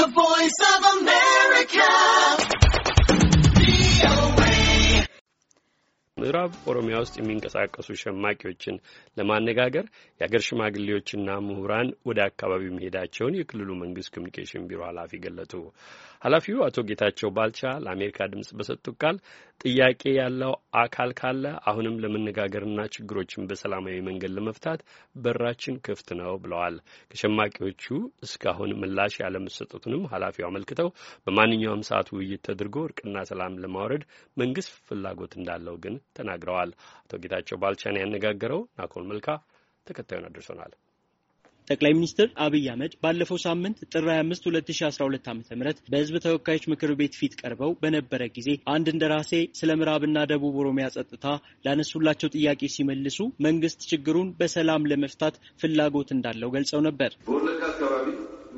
The Voice of ምዕራብ ኦሮሚያ ውስጥ የሚንቀሳቀሱ ሸማቂዎችን ለማነጋገር የአገር ሽማግሌዎችና ምሁራን ወደ አካባቢው መሄዳቸውን የክልሉ መንግስት ኮሚኒኬሽን ቢሮ ኃላፊ ገለጡ። ኃላፊው አቶ ጌታቸው ባልቻ ለአሜሪካ ድምፅ በሰጡት ቃል ጥያቄ ያለው አካል ካለ አሁንም ለመነጋገርና ችግሮችን በሰላማዊ መንገድ ለመፍታት በራችን ክፍት ነው ብለዋል። ከሸማቂዎቹ እስካሁን ምላሽ ያለመሰጠቱንም ኃላፊው አመልክተው በማንኛውም ሰዓት ውይይት ተደርጎ እርቅና ሰላም ለማውረድ መንግስት ፍላጎት እንዳለው ግን ተናግረዋል። አቶ ጌታቸው ባልቻን ያነጋገረው ናኮል መልካ ተከታዩን አድርሶናል። ጠቅላይ ሚኒስትር አብይ አህመድ ባለፈው ሳምንት ጥር 25 2012 ዓ ም በህዝብ ተወካዮች ምክር ቤት ፊት ቀርበው በነበረ ጊዜ አንድ እንደራሴ ስለ ምዕራብና ደቡብ ኦሮሚያ ጸጥታ ላነሱላቸው ጥያቄ ሲመልሱ መንግስት ችግሩን በሰላም ለመፍታት ፍላጎት እንዳለው ገልጸው ነበር። በወለጋ አካባቢ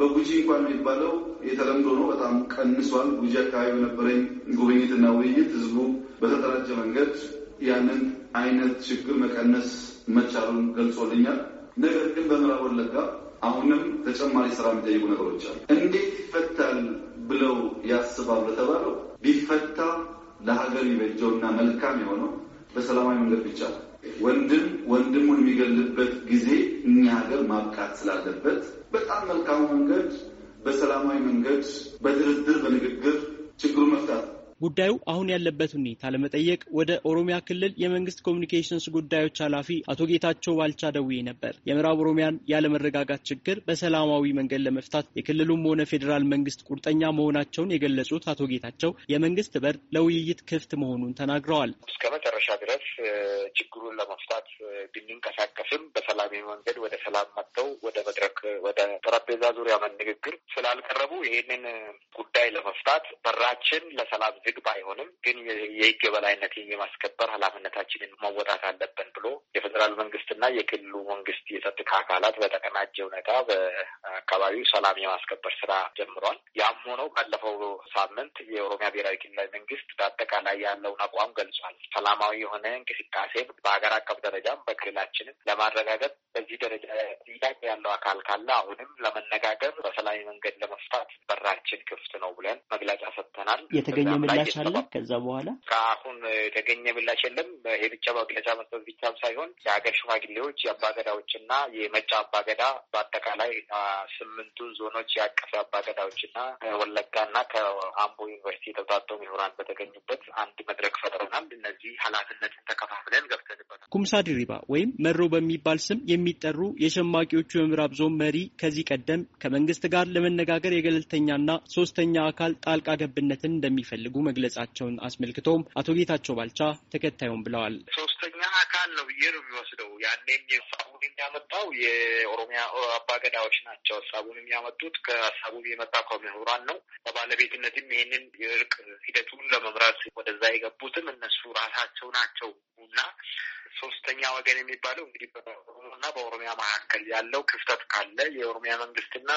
በጉጂ እንኳን የሚባለው የተለምዶ ነው፣ በጣም ቀንሷል። ጉጂ አካባቢ በነበረኝ ጉብኝትና ውይይት ህዝቡ በተደራጀ መንገድ ያንን አይነት ችግር መቀነስ መቻሉን ገልጾልኛል። ነገር ግን በምዕራብ ወለጋ አሁንም ተጨማሪ ስራ የሚጠይቁ ነገሮች አሉ። እንዴት ይፈታል ብለው ያስባሉ ለተባለው ቢፈታ ለሀገር እና መልካም የሆነው በሰላማዊ መንገድ ብቻ ወንድም ወንድሙን የሚገልበት ጊዜ እኛ ሀገር ማብቃት ስላለበት በጣም መልካሙ መንገድ በሰላማዊ መንገድ፣ በድርድር፣ በንግግር ችግሩን መፍታት ጉዳዩ አሁን ያለበት ሁኔታ ለመጠየቅ ወደ ኦሮሚያ ክልል የመንግስት ኮሚኒኬሽንስ ጉዳዮች ኃላፊ አቶ ጌታቸው ባልቻ ደውዬ ነበር። የምዕራብ ኦሮሚያን ያለመረጋጋት ችግር በሰላማዊ መንገድ ለመፍታት የክልሉም ሆነ ፌዴራል መንግስት ቁርጠኛ መሆናቸውን የገለጹት አቶ ጌታቸው የመንግስት በር ለውይይት ክፍት መሆኑን ተናግረዋል። እስከ መጨረሻ ድረስ ችግሩን ለመፍታት ብንንቀሳቀስም በሰላም መንገድ ወደ ሰላም መጥተው ወደ መድረክ ወደ ጠረጴዛ ዙሪያ ንግግር ስላልቀረቡ ይህንን ጉዳይ ለመፍታት በራችን ለሰላም ኢህአዴግ ባይሆንም ግን የህግ የበላይነትን የማስከበር ኃላፊነታችንን መወጣት አለብን ብሎ የፌዴራል መንግስትና የክልሉ መንግስት የጸጥታ አካላት በተቀናጀ ሁኔታ በአካባቢው ሰላም የማስከበር ስራ ጀምሯል። ያም ሆነው ባለፈው ሳምንት የኦሮሚያ ብሔራዊ ክልላዊ መንግስት በአጠቃላይ ያለውን አቋም ገልጿል። ሰላማዊ የሆነ እንቅስቃሴ በሀገር አቀፍ ደረጃም በክልላችንም ለማረጋገጥ በዚህ ደረጃ ጥያቄ ያለው አካል ካለ አሁንም ለመነጋገር በሰላማዊ መንገድ ለመፍታት በራችን ክፍት ነው ብለን መግለጫ ሰጥተናል። የተገኘ ምላ ምላሽ አለ? ከዛ በኋላ ከአሁን የተገኘ ምላሽ የለም። ይሄ ብቻ መግለጫ መስጠት ብቻም ሳይሆን የሀገር ሽማግሌዎች፣ የአባገዳዎች እና የመጫ አባገዳ በአጠቃላይ ስምንቱን ዞኖች ያቀፈ አባገዳዎች እና ወለጋ እና ከአምቦ ዩኒቨርሲቲ የተውጣጡ ምሁራን በተገኙበት አንድ መድረክ ፈጥረናል። እነዚህ ኃላፊነትን ተከፋፍለን ኩምሳ ድሪባ ወይም መሮ በሚባል ስም የሚጠሩ የሸማቂዎቹ የምዕራብ ዞን መሪ ከዚህ ቀደም ከመንግስት ጋር ለመነጋገር የገለልተኛና ሶስተኛ አካል ጣልቃ ገብነትን እንደሚፈልጉ መግለጻቸውን አስመልክቶም አቶ ጌታቸው ባልቻ ተከታዩም ብለዋል። ሶስተኛ አካል ቀላል ነው ብዬ ነው የሚወስደው። ያኔም የሳቡን የሚያመጣው የኦሮሚያ አባገዳዎች ናቸው። ሀሳቡን የሚያመጡት ከሀሳቡን የመጣ ከምሁራን ነው። በባለቤትነትም ይህንን የእርቅ ሂደቱን ለመምራት ወደዛ የገቡትም እነሱ ራሳቸው ናቸው እና ሶስተኛ ወገን የሚባለው እንግዲህ እና በኦሮሚያ መካከል ያለው ክፍተት ካለ የኦሮሚያ መንግስትና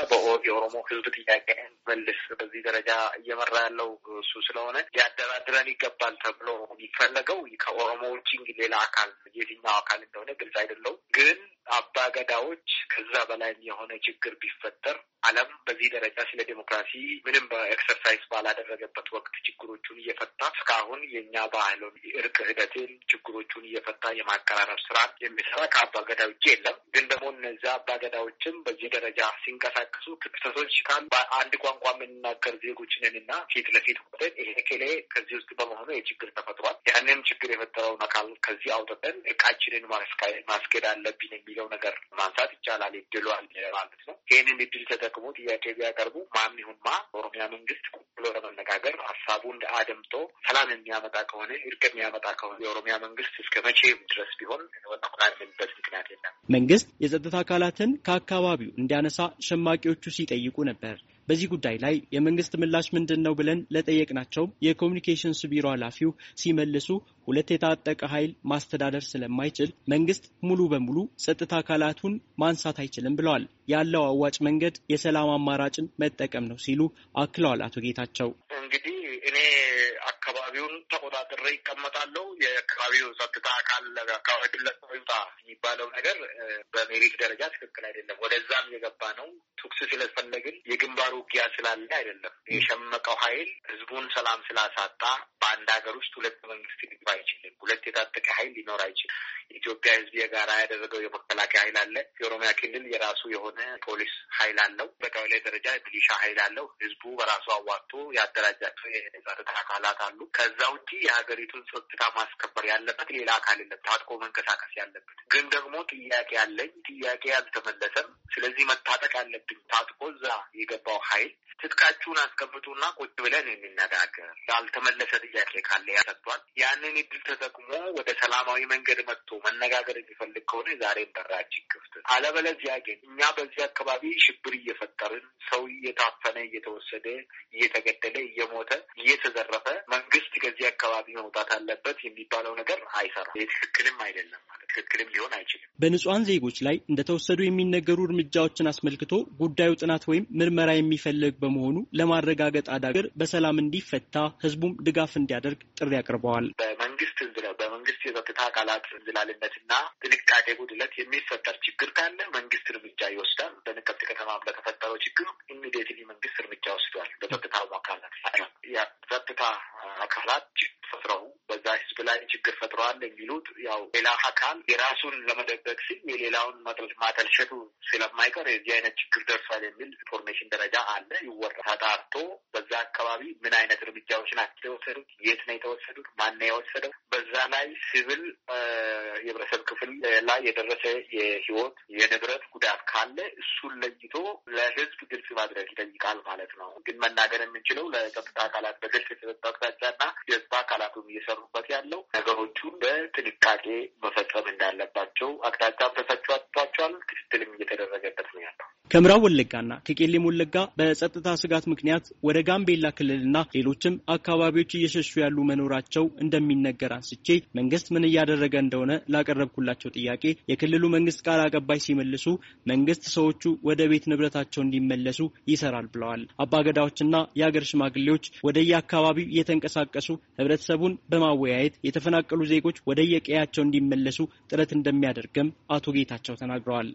የኦሮሞ ህዝብ ጥያቄ መልስ በዚህ ደረጃ እየመራ ያለው እሱ ስለሆነ ሊያደራድረን ይገባል ተብሎ የሚፈለገው ከኦሮሞ ውጭ እንግዲህ ሌላ አካል የትኛው አካል እንደሆነ ግልጽ አይደለውም። ግን አባገዳዎች ከዛ በላይም የሆነ ችግር ቢፈጠር ዓለም በዚህ ደረጃ ስለ ዴሞክራሲ ምንም በኤክሰርሳይዝ ባላደረገበት ወቅት ችግሮቹን እየፈታ እስካሁን የእኛ ባህሉን እርቅ ሂደትን ችግሮቹን እየፈታ የማቀራረብ ስራ የሚሰራ ከአባገዳ ውጭ የለም። ግን ደግሞ እነዚ አባገዳዎችም በዚህ ደረጃ ሲንቀሳቀሱ ክፍተቶች ካሉ በአንድ ቋንቋ የምንናገር ዜጎች ነን እና ፊት ለፊት ወደን ይሄ ኬሌ ከዚህ ውስጥ በመሆኑ የችግር ተፈጥሯል። ያንን ችግር የፈጠረውን አካል ከዚህ አውጥተን እቃችንን ማስኬድ አለብን የሚለው ነገር ማንሳት ይቻላል ይድሏል ማለት ነው። ይህንን እድል ተጠቅሞ ጥያቄ ቢያቀርቡ ማን ይሁን ማ ኦሮሚያ መንግስት ብሎ ለመነጋገር ሀሳቡ እንደ አደምጦ ሰላም የሚያመጣ ከሆነ እርቅ የሚያመጣ ከሆነ የኦሮሚያ መንግስት እስከ መቼም ድረስ ቢሆን ወጣቁናልበት ምክንያት የለም። መንግስት የጸጥታ አካላትን ከአካባቢው እንዲያነሳ ሸማቂዎቹ ሲጠይቁ ነበር። በዚህ ጉዳይ ላይ የመንግስት ምላሽ ምንድን ነው ብለን ለጠየቅናቸው የኮሚኒኬሽንስ ቢሮ ኃላፊው ሲመልሱ ሁለት የታጠቀ ኃይል ማስተዳደር ስለማይችል መንግስት ሙሉ በሙሉ ጸጥታ አካላቱን ማንሳት አይችልም ብለዋል። ያለው አዋጭ መንገድ የሰላም አማራጭን መጠቀም ነው ሲሉ አክለዋል አቶ ጌታቸው። እንግዲህ እኔ አካባቢውን ተቆጣጥሬ ይቀመጣለሁ። የአካባቢው ጸጥታ አካል አካባቢ ለቀው ይውጣ የሚባለው ነገር በሜሪት ደረጃ ትክክል አይደለም። ወደዛም የገባ ነው። ቱክስ ስለፈለግን የግንባሩ ውጊያ ስላለ አይደለም። የሸመቀው ኃይል ህዝቡን ሰላም ስላሳጣ በአንድ ሀገር ውስጥ ሁለት መንግስት ሊግባ አይችልም። ሁለት የታጠቀ ኃይል ሊኖር አይችልም። የኢትዮጵያ ህዝብ የጋራ ያደረገው የመከላከያ ኃይል አለ። የኦሮሚያ ክልል የራሱ የሆነ ፖሊስ ኃይል አለው። በቀበሌ ደረጃ ሚሊሻ ኃይል አለው። ህዝቡ በራሱ አዋጥቶ ያደራጃቸው የጸጥታ አካላት አሉ። ከዛ ውጪ የሀገሪቱን ጸጥታ ማስከበር ያለበት ሌላ አካል የለም። ታጥቆ መንቀሳቀስ ያለበት ግን ደግሞ ጥያቄ አለኝ። ጥያቄ አልተመለሰም። ስለዚህ መታጠቅ ያለብኝ ታጥቆ እዛ የገባው ኃይል ትጥቃችሁን አስቀምጡና ቁጭ ብለን እንነጋገር፣ ያልተመለሰ ጥያቄ ካለ ያሰጥቷል። ያንን እድል ተጠቅሞ ወደ ሰላማዊ መንገድ መጥቶ መነጋገር የሚፈልግ ከሆነ ዛሬም በራችን ክፍት፣ አለበለዚያ ግን እኛ በዚህ አካባቢ ሽብር እየፈጠርን ሰው እየታፈነ እየተወሰደ እየተገደለ እየሞተ እየተዘረፈ መንግስት ከዚህ አካባቢ መውጣት አለበት የሚባለው ነገር አይሰራም። ትክክልም አይደለም ማለት ትክክልም ሊሆን አይችልም። በንጹሐን ዜጎች ላይ እንደተወሰዱ የሚነገሩ እርምጃዎችን አስመልክቶ ጉዳዩ ጥናት ወይም ምርመራ የሚፈልግ በመሆኑ መሆኑ ለማረጋገጥ አዳገር በሰላም እንዲፈታ ህዝቡም ድጋፍ እንዲያደርግ ጥሪ አቅርበዋል። በመንግስት በመንግስት የጸጥታ አካላት እንዝላልነትና ጥንቃቄ ጉድለት የሚፈጠር ችግር ካለ መንግስት እርምጃ ይወስዳል። በነቀምት ከተማ በተፈጠረው ችግር ኢሚዲየትሊ መንግስት እርምጃ ወስዷል። በጸጥታ አካላት ጸጥታ አካላት በዛ ህዝብ ላይ ችግር ፈጥረዋል የሚሉት ያው ሌላ አካል የራሱን ለመደበቅ ሲል የሌላውን ማተልሸቱ ስለማይቀር የዚህ አይነት ችግር ደርሷል የሚል ኢንፎርሜሽን ደረጃ አለ። ይወራ ተጣርቶ በዛ አካባቢ ምን አይነት እርምጃዎች ናቸው የተወሰዱት የት ነው የተወሰዱት፣ ማን ነው የወሰደው፣ በዛ ላይ ሲቪል የህብረተሰብ ክፍል ላይ የደረሰ የህይወት የንብረት ጉዳት ካለ እሱን ለይቶ ለህዝብ ግልጽ ማድረግ ይጠይቃል ማለት ነው። ግን መናገር የምንችለው ለጸጥታ አካላት በግልጽ የተሰጠ አቅጣጫና አካላቱም እየሰሩበት ያለው ነገሮቹን በጥንቃቄ መፈጸም እንዳለባቸው አቅጣጫ ከምዕራብ ወለጋና ከቄሌም ወለጋ በጸጥታ ስጋት ምክንያት ወደ ጋምቤላ ክልልና ሌሎችም አካባቢዎች እየሸሹ ያሉ መኖራቸው እንደሚነገር አንስቼ መንግስት ምን እያደረገ እንደሆነ ላቀረብኩላቸው ጥያቄ የክልሉ መንግስት ቃል አቀባይ ሲመልሱ መንግስት ሰዎቹ ወደ ቤት ንብረታቸው እንዲመለሱ ይሰራል ብለዋል። አባገዳዎችና የአገር ሽማግሌዎች ወደየአካባቢው እየተንቀሳቀሱ ህብረተሰቡን በማወያየት የተፈናቀሉ ዜጎች ወደየቀያቸው እንዲመለሱ ጥረት እንደሚያደርግም አቶ ጌታቸው ተናግረዋል።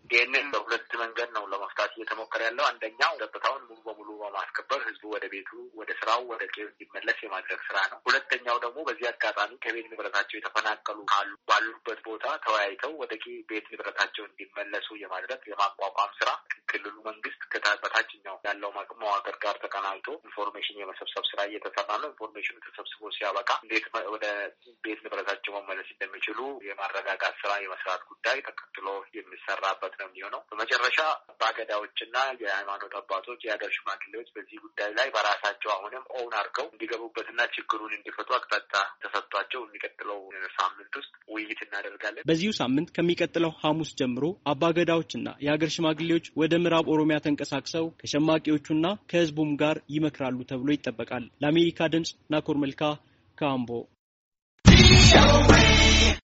እየተሞከረ ያለው አንደኛው ጸጥታውን ሙሉ በሙሉ በማስከበር ህዝቡ ወደ ቤቱ፣ ወደ ስራው፣ ወደ ቄው እንዲመለስ የማድረግ ስራ ነው። ሁለተኛው ደግሞ በዚህ አጋጣሚ ከቤት ንብረታቸው የተፈናቀሉ ካሉ ባሉበት ቦታ ተወያይተው ወደ ቤት ንብረታቸው እንዲመለሱ የማድረግ የማቋቋም ስራ ክልሉ መንግስት በታችኛው ያለው መዋቅር ጋር ተቀናጅቶ ኢንፎርሜሽን የመሰብሰብ ስራ እየተሰራ ነው። ኢንፎርሜሽኑ ተሰብስቦ ሲያበቃ እንዴት ወደ ቤት ንብረታቸው መመለስ እንደሚችሉ የማረጋጋት ስራ የመስራት ጉዳይ ተከትሎ የሚሰራበት ነው የሚሆነው። በመጨረሻ በአገዳዎች ሰዎች እና የሃይማኖት አባቶች፣ የሀገር ሽማግሌዎች በዚህ ጉዳይ ላይ በራሳቸው አሁንም ኦውን አድርገው እንዲገቡበትና ችግሩን እንዲፈቱ አቅጣጫ ተሰጥቷቸው የሚቀጥለው ሳምንት ውስጥ ውይይት እናደርጋለን። በዚሁ ሳምንት ከሚቀጥለው ሐሙስ ጀምሮ አባገዳዎችና የሀገር ሽማግሌዎች ወደ ምዕራብ ኦሮሚያ ተንቀሳቅሰው ከሸማቂዎቹና ከህዝቡም ጋር ይመክራሉ ተብሎ ይጠበቃል። ለአሜሪካ ድምፅ ናኮር መልካ ከአምቦ